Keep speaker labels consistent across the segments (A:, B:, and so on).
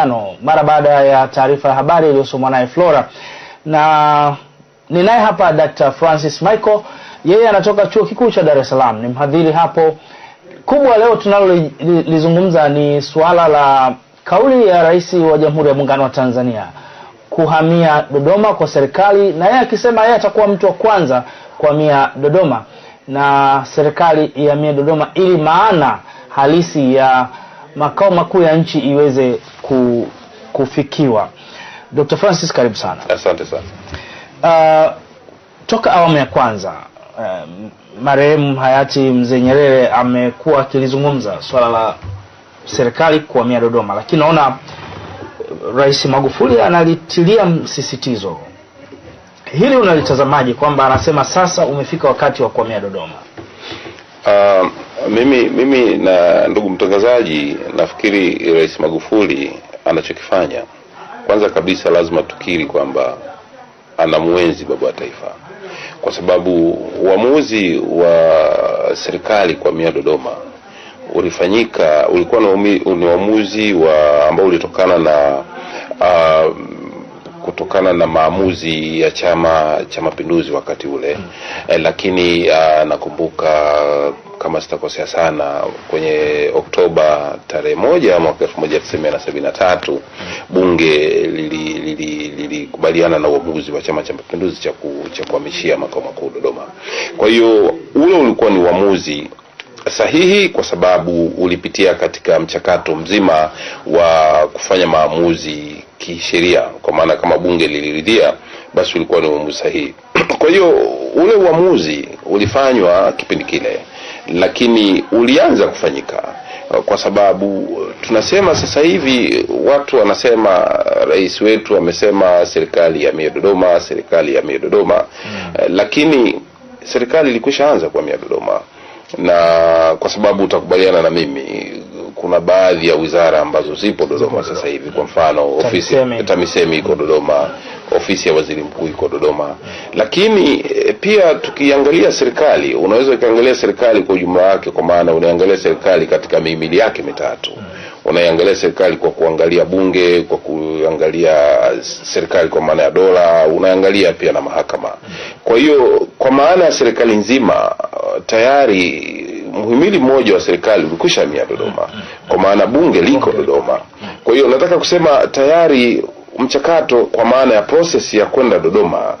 A: ano mara baada ya taarifa ya habari iliyosomwa naye Flora, na ninaye hapa Dr. Francis Michael, yeye anatoka chuo kikuu cha Dar es Salaam, ni mhadhiri hapo. Kubwa leo tunalolizungumza ni suala la kauli ya Rais wa Jamhuri ya Muungano wa Tanzania kuhamia Dodoma kwa serikali, na yeye akisema yeye atakuwa mtu wa kwanza kuhamia Dodoma na serikali ihamie Dodoma ili maana halisi ya makao makuu ya nchi iweze ku, kufikiwa. Dr. Francis karibu sana. Asante sana. Uh, toka awamu ya kwanza uh, marehemu hayati mzee Nyerere amekuwa akilizungumza swala la serikali kuhamia Dodoma, lakini naona Rais Magufuli analitilia msisitizo. Hili unalitazamaje, kwamba anasema sasa umefika wakati wa kuhamia Dodoma?
B: Uh, mimi, mimi na ndugu mtangazaji, nafikiri Rais Magufuli anachokifanya, kwanza kabisa lazima tukiri kwamba ana mwenzi baba wa taifa, kwa sababu uamuzi wa serikali mia Dodoma ulifanyika ulikuwa ni uamuzi wa ambao ulitokana na uh, kutokana na maamuzi ya Chama cha Mapinduzi wakati ule hmm. Eh, lakini uh, nakumbuka kama sitakosea sana, kwenye Oktoba tarehe moja mwaka elfu moja mia sabini na tatu bunge lilikubaliana na uamuzi wa Chama cha Mapinduzi cha ku, cha kuhamishia makao makuu Dodoma. Kwa hiyo ule ulikuwa ni uamuzi sahihi kwa sababu ulipitia katika mchakato mzima wa kufanya maamuzi kisheria, kwa maana kama bunge liliridhia, basi ulikuwa ni uamuzi sahihi. Kwa hiyo ule uamuzi ulifanywa kipindi kile lakini ulianza kufanyika kwa sababu tunasema sasa hivi watu wanasema rais wetu amesema serikali ya mia Dodoma, serikali ya mia Dodoma hmm. Lakini serikali ilikwisha anza kuamia Dodoma, na kwa sababu utakubaliana na mimi kuna baadhi ya wizara ambazo zipo Dodoma sasa hivi. Kwa mfano ofisi TAMISEMI iko Dodoma, ofisi ya waziri mkuu iko Dodoma. Lakini eh, pia tukiangalia serikali, unaweza ukaangalia serikali kwa ujumla wake, kwa maana unaangalia serikali katika mihimili yake mitatu unaiangalia serikali kwa kuangalia bunge, kwa kuangalia serikali kwa maana ya dola, unaangalia pia na mahakama. Kwa hiyo kwa maana ya serikali nzima tayari mhimili mmoja wa serikali ulikwisha mia Dodoma, kwa maana bunge liko Dodoma. Kwa hiyo nataka kusema tayari mchakato kwa maana ya process ya kwenda Dodoma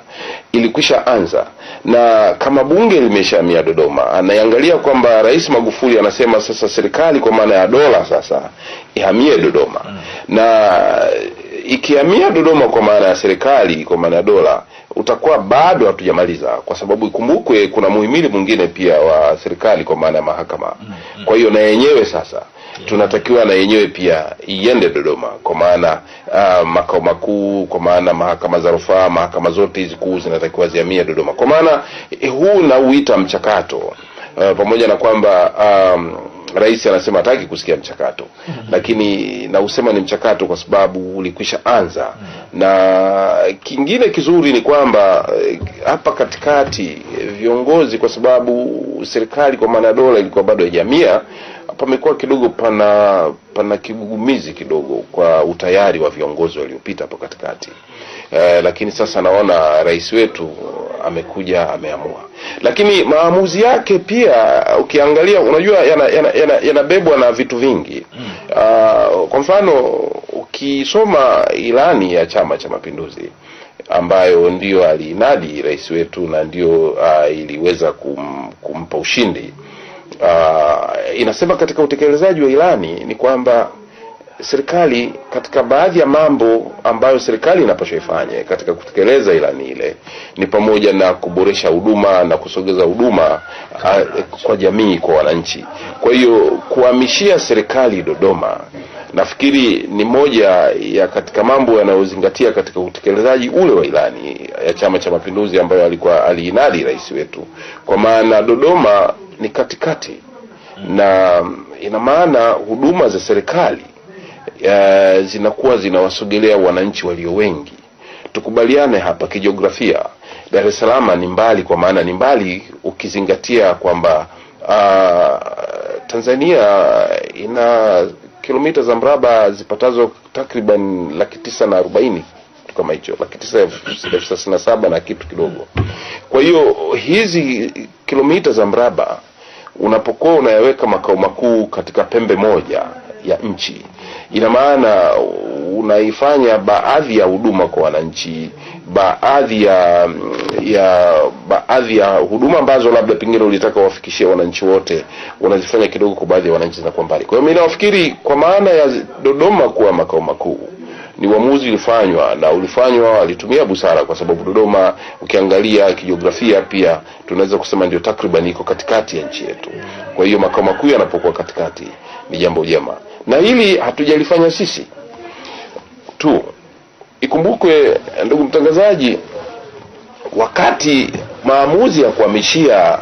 B: ilikwisha anza, na kama bunge limeshamia Dodoma, anaiangalia kwamba Rais Magufuli anasema sasa serikali kwa maana ya dola sasa ihamie Dodoma mm. na ikihamia Dodoma kwa maana ya serikali, kwa maana ya dola, utakuwa bado hatujamaliza, kwa sababu ikumbukwe kuna muhimili mwingine pia wa serikali kwa maana ya mahakama. Mm, mm. Kwa hiyo na yenyewe sasa tunatakiwa na yenyewe pia iende Dodoma kwa maana uh, makao makuu, kwa maana mahakama za rufaa, mahakama zote hizi kuu zinatakiwa zihamie Dodoma, kwa maana eh, huu nauita mchakato uh, pamoja na kwamba um, rais anasema hataki kusikia mchakato lakini nausema ni mchakato kwa sababu ulikwisha anza na kingine kizuri ni kwamba eh, hapa katikati eh, viongozi kwa sababu serikali kwa maana ya dola ilikuwa bado haijamia pamekuwa kidogo pana pana kigugumizi kidogo kwa utayari wa viongozi waliopita hapo katikati Eh, lakini sasa naona rais wetu amekuja ameamua, lakini maamuzi yake pia ukiangalia, unajua yanabebwa yana, yana, yana na vitu vingi mm. Uh, kwa mfano ukisoma ilani ya Chama cha Mapinduzi ambayo ndio aliinadi rais wetu na ndio uh, iliweza kum, kumpa ushindi uh, inasema katika utekelezaji wa ilani ni kwamba serikali katika baadhi ya mambo ambayo serikali inapaswa ifanye katika kutekeleza ilani ile ni pamoja na kuboresha huduma na kusogeza huduma ah, kwa jamii, kwa wananchi. Kwa hiyo kuhamishia serikali Dodoma nafikiri ni moja ya katika mambo yanayozingatia katika utekelezaji ule wa ilani ya Chama cha Mapinduzi ambayo alikuwa aliinadi rais wetu, kwa maana Dodoma ni katikati na ina maana huduma za serikali Eh, zinakuwa zinawasogelea wananchi walio wengi. Tukubaliane hapa, kijiografia Dar es Salaam ni mbali, kwa maana ni mbali ukizingatia kwamba ah, Tanzania ina kilomita za mraba zipatazo takriban laki tisa na arobaini kitu kama hicho, laki tisa elfu thelathini na saba na kitu kidogo. Kwa hiyo hizi kilomita za mraba unapokuwa unayaweka makao makuu katika pembe moja ya nchi. Ina maana unaifanya baadhi ya huduma kwa wananchi, baadhi ya ya baadhi ya huduma ambazo labda pengine ulitaka wafikishie wananchi wote, unazifanya kidogo kwa baadhi ya wananchi zinakuwa mbali. Kwa hiyo mimi nafikiri kwa maana ya Dodoma kuwa makao makuu ni uamuzi ulifanywa na ulifanywa alitumia busara, kwa sababu Dodoma ukiangalia kijiografia pia tunaweza kusema ndio takriban iko katikati ya nchi yetu. Kwa hiyo makao makuu yanapokuwa katikati ni jambo jema, na hili hatujalifanya sisi tu. Ikumbukwe ndugu mtangazaji, wakati maamuzi ya kuhamishia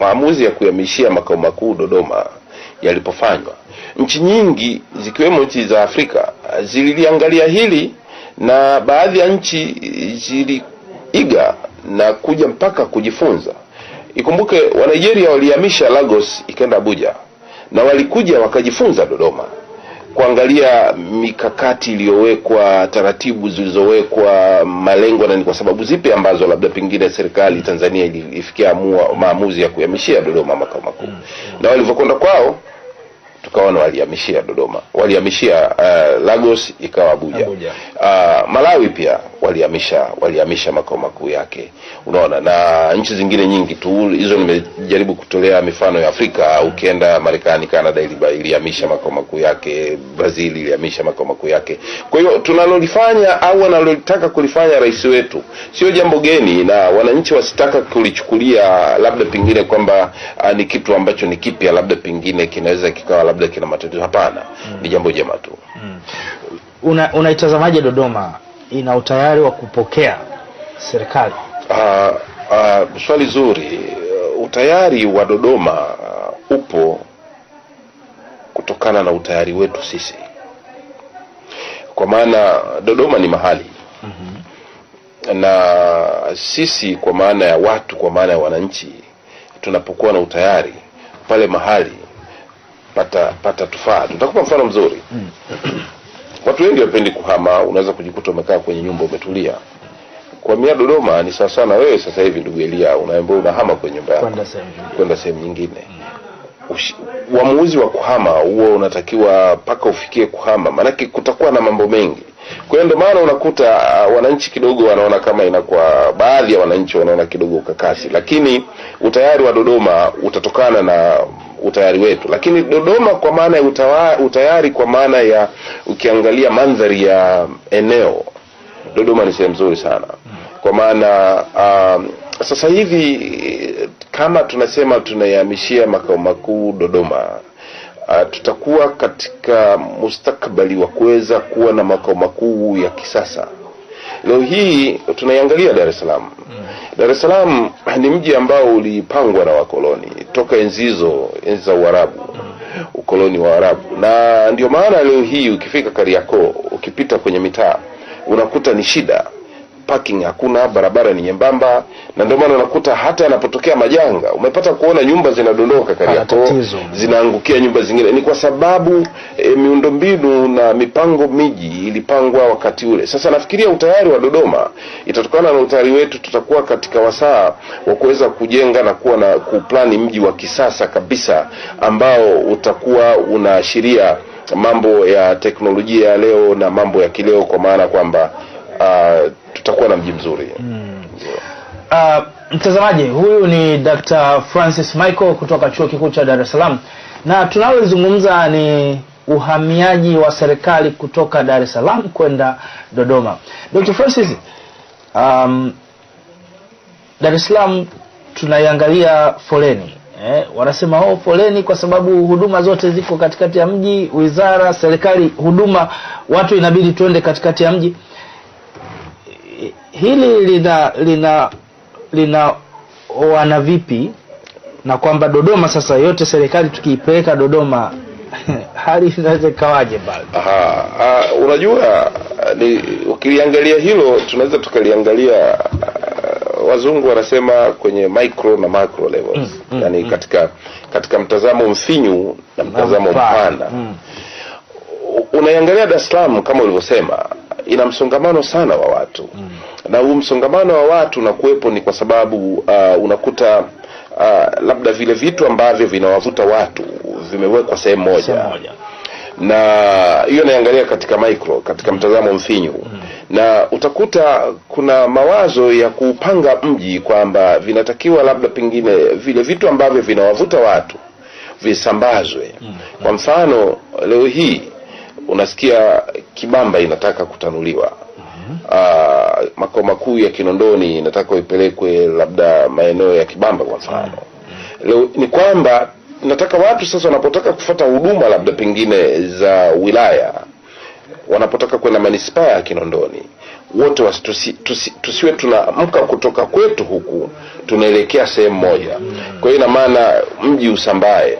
B: maamuzi ya kuhamishia makao makuu Dodoma yalipofanywa. Nchi nyingi zikiwemo nchi za Afrika zililiangalia hili na baadhi ya nchi ziliiga na kuja mpaka kujifunza. Ikumbuke, Wanigeria walihamisha Lagos ikaenda Abuja na walikuja wakajifunza Dodoma kuangalia mikakati iliyowekwa, taratibu zilizowekwa, malengo na ni kwa sababu zipi ambazo labda pengine serikali Tanzania ilifikia maamuzi ya kuhamishia Dodoma makao makuu, mm, mm. na walivyokwenda kwao tukaona walihamishia Dodoma, walihamishia uh, Lagos ikawa Abuja, Abuja. Uh, Malawi pia walihamisha walihamisha makao makuu yake, unaona, na nchi zingine nyingi tu hizo. Nimejaribu kutolea mifano ya Afrika. Ukienda Marekani, Canada ilihamisha makao makuu yake, Brazil ilihamisha makao makuu yake. Kwa hiyo tunalolifanya au analolitaka kulifanya rais wetu sio jambo geni, na wananchi wasitaka kulichukulia labda pengine kwamba ah, ni kitu ambacho ni kipya, labda pengine kinaweza kikawa labda kina matatizo. Hapana, ni jambo jema tu. Mm.
A: Unaitazamaje Dodoma? ina utayari wa kupokea serikali?
B: Uh, uh, swali zuri. Utayari wa Dodoma uh, upo kutokana na utayari wetu sisi, kwa maana Dodoma ni mahali mm -hmm. na sisi kwa maana ya watu, kwa maana ya wananchi, tunapokuwa na utayari pale mahali pata pata tufaa. Tutakupa mfano mzuri mm. Watu wengi wapendi kuhama, unaweza kujikuta umekaa kwenye nyumba umetulia. mia Dodoma ni sawa sana wewe sasa hivi ndugu Elia unaambia unahama kwenye nyumba yako kwenda sehemu nyingine. Uamuzi wa kuhama huo unatakiwa mpaka ufikie kuhama, maanake kutakuwa na mambo mengi. Kwa hiyo ndio maana unakuta uh, wananchi kidogo wanaona kama inakuwa, baadhi ya wananchi wanaona kidogo ukakasi, lakini utayari wa Dodoma utatokana na utayari wetu, lakini Dodoma kwa maana ya utawa, utayari kwa maana ya ukiangalia mandhari ya eneo Dodoma ni sehemu nzuri sana kwa maana um, sasa hivi kama tunasema tunayahamishia makao makuu Dodoma, uh, tutakuwa katika mustakbali wa kuweza kuwa na makao makuu ya kisasa. Leo hii tunaiangalia Dar es Salaam mm. Dar es Salaam ni mji ambao ulipangwa na wakoloni toka enzi hizo, enzi za Uarabu mm. ukoloni wa Arabu, na ndio maana leo hii ukifika Kariakoo, ukipita kwenye mitaa unakuta ni shida parking hakuna, barabara ni nyembamba, na ndio maana unakuta hata yanapotokea majanga umepata kuona nyumba zinadondoka Kariakoo, zinaangukia nyumba zingine, ni kwa sababu e, miundombinu na mipango miji ilipangwa wakati ule. Sasa nafikiria utayari wa Dodoma itatokana na utayari wetu, tutakuwa katika wasaa wa kuweza kujenga na kuwa na kuplani mji wa kisasa kabisa ambao utakuwa unaashiria mambo ya teknolojia ya leo na mambo ya kileo kwa maana kwamba uh, tutakuwa na mji mzuri mm.
A: Uh, mtazamaji huyu ni Dr. Francis Michael kutoka Chuo Kikuu cha Dar es Salaam, na tunalozungumza ni uhamiaji wa serikali kutoka Dar es Salaam kwenda Dodoma. Dr. Francis, um, Dar es Salaam tunaiangalia foleni eh, wanasema oh, foleni kwa sababu huduma zote ziko katikati ya mji, wizara, serikali, huduma, watu inabidi tuende katikati ya mji hili lina lina wana vipi na kwamba Dodoma sasa yote serikali tukiipeleka Dodoma hali inaweza ikawaje pale?
B: Ah, unajua, eh, ni ukiliangalia hilo tunaweza tukaliangalia eh, wazungu wanasema kwenye micro na macro levels mm, mm, yani mm, katika katika mtazamo mfinyu na mtazamo mpana mm. Unaiangalia Dar es Salaam kama ulivyosema ina msongamano sana wa watu mm. na huu msongamano wa watu unakuwepo ni kwa sababu uh, unakuta uh, labda vile vitu ambavyo vinawavuta watu vimewekwa sehemu moja na hiyo naangalia katika micro katika hmm. mtazamo mfinyu mm. na utakuta kuna mawazo ya kuupanga mji kwamba vinatakiwa labda pengine vile vitu ambavyo vinawavuta watu visambazwe mm. kwa mfano leo hii unasikia Kibamba inataka kutanuliwa Uh, makao makuu ya Kinondoni inataka ipelekwe labda maeneo ya Kibamba kwa mfano. Mhm. Leo ni kwamba nataka watu sasa wanapotaka kufata huduma labda pengine za wilaya, wanapotaka kwenda manispaa ya Kinondoni, wote tusi, tusi, tusiwe tunaamka kutoka kwetu huku tunaelekea sehemu moja. Mhm. Kwa hiyo ina maana mji usambae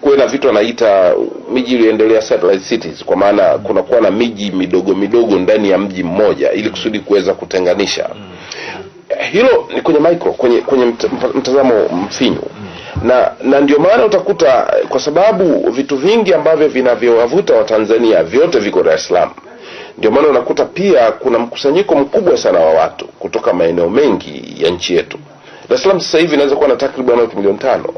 B: kuwe na vitu anaita miji iliyoendelea satellite cities, kwa maana kunakuwa na miji midogo midogo ndani ya mji mmoja, ili kusudi kuweza kutenganisha. Hilo ni kwenye micro, kwenye kwenye mtazamo mfinyu na na ndio maana utakuta kwa sababu vitu vingi ambavyo vinavyowavuta Watanzania vyote viko Dar es Salaam. Ndio maana unakuta pia kuna mkusanyiko mkubwa sana wa watu kutoka maeneo mengi ya nchi yetu. Dar es Salaam sasa hivi inaweza kuwa na takriban watu milioni tano.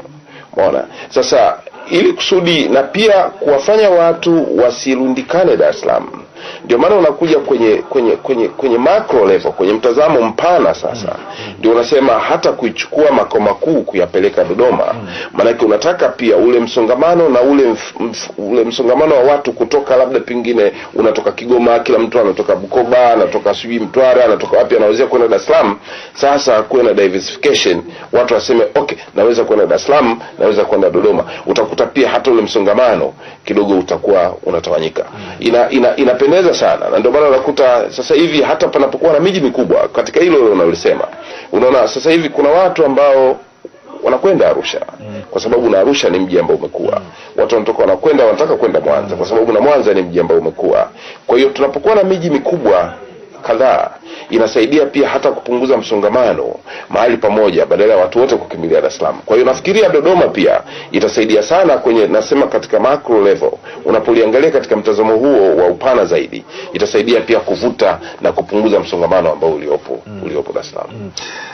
B: Mona sasa, ili kusudi na pia kuwafanya watu wasirundikane Dar es Salaam ndio maana unakuja kwenye kwenye kwenye kwenye macro level, kwenye mtazamo mpana sasa mm. ndio unasema hata kuichukua makao makuu kuyapeleka Dodoma, mm. maanake unataka pia ule msongamano na ule, mf, mf, ule msongamano wa watu kutoka labda pengine unatoka Kigoma, kila mtu anatoka Bukoba, anatoka sijui Mtwara, anatoka wapi, anaweza kwenda Dar es Salaam. Sasa kuwe na diversification, watu waseme okay, naweza kwenda Dar es Salaam, naweza kwenda Dodoma. Utakuta pia hata ule msongamano kidogo utakuwa unatawanyika. Mm. Ina, ina, ina kutengeneza sana, na ndio maana unakuta sasa hivi hata panapokuwa na miji mikubwa, katika hilo unalosema, unaona sasa hivi kuna watu ambao wanakwenda Arusha mm. kwa sababu na Arusha ni mji ambao umekuwa, mm. watu wanatoka wanakwenda, wanataka kwenda Mwanza kwa sababu na Mwanza ni mji ambao umekuwa. Kwa hiyo tunapokuwa na miji mikubwa kadhaa. Inasaidia pia hata kupunguza msongamano mahali pamoja, badala ya watu wote kukimbilia Dar es Salaam. Kwa hiyo nafikiria Dodoma pia itasaidia sana kwenye, nasema katika macro level, unapoliangalia katika mtazamo huo wa upana zaidi, itasaidia pia kuvuta na kupunguza msongamano ambao uliopo, uliopo Dar es Salaam. Mm.